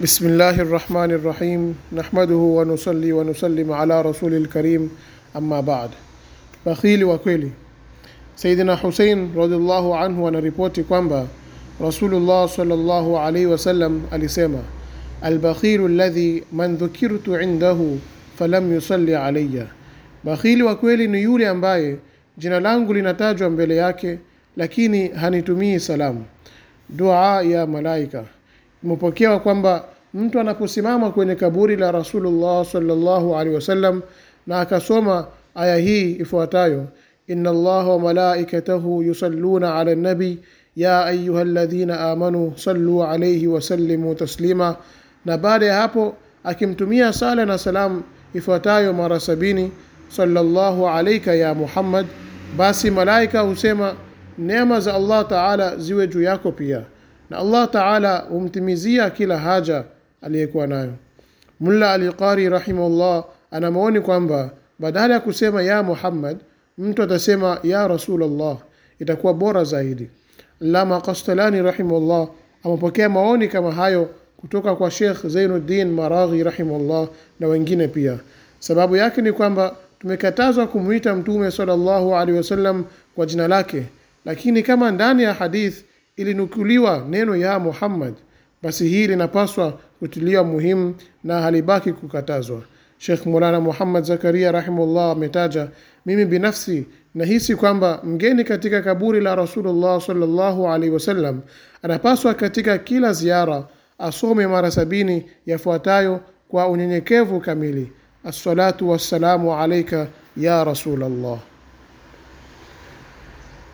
Bismillahi rahmani rahim nahmaduhu wanusali wanusalim ala rasuli lkarim amma baad. Bakhili wa kweli. Saidina Husein radhiallahu anhu anaripoti kwamba Rasulullah sallallahu alaihi wasallam alisema, albakhilu alladhi man dhukirtu indahu falam yusalli alaya, bakhili wa kweli ni yule ambaye jina langu linatajwa mbele yake lakini hanitumii salamu. Dua ya malaika umepokewa kwamba mtu anaposimama kwenye kaburi la Rasulullah salllahu alehi wasallam na akasoma aya hii ifuatayo inna allaha wa malaikatahu yusalluna ala nabi ya ayuha ladhina amanu saluu alaihi wasallimu taslima na baada ya hapo akimtumia sala na salam ifuatayo mara sabini salllahu alaika ya muhammad basi malaika husema neema za allah taala ziwe juu yako pia na Allah Taala humtimizia kila haja aliyekuwa nayo. Mulla Qari rahimahullah ana maoni kwamba badala ya kusema ya Muhammad, mtu atasema ya Rasulullah, itakuwa bora zaidi. Lama Kastalani rahimahullah amepokea maoni kama hayo kutoka kwa Sheikh Zainuddin Maraghi rahimahullah na wengine pia. Sababu yake ni kwamba tumekatazwa kumwita Mtume sallallahu alaihi wasallam kwa jina lake, lakini kama ndani ya hadith ilinukuliwa neno ya Muhammad, basi hii linapaswa kutiliwa muhimu na halibaki kukatazwa. Sheikh Mulana Muhammad Zakaria rahimahullah ametaja, mimi binafsi nahisi kwamba mgeni katika kaburi la Rasulullah sallallahu alaihi wasallam anapaswa katika kila ziara asome mara sabini yafuatayo kwa unyenyekevu kamili: assalatu wassalamu alaika ya Rasulullah.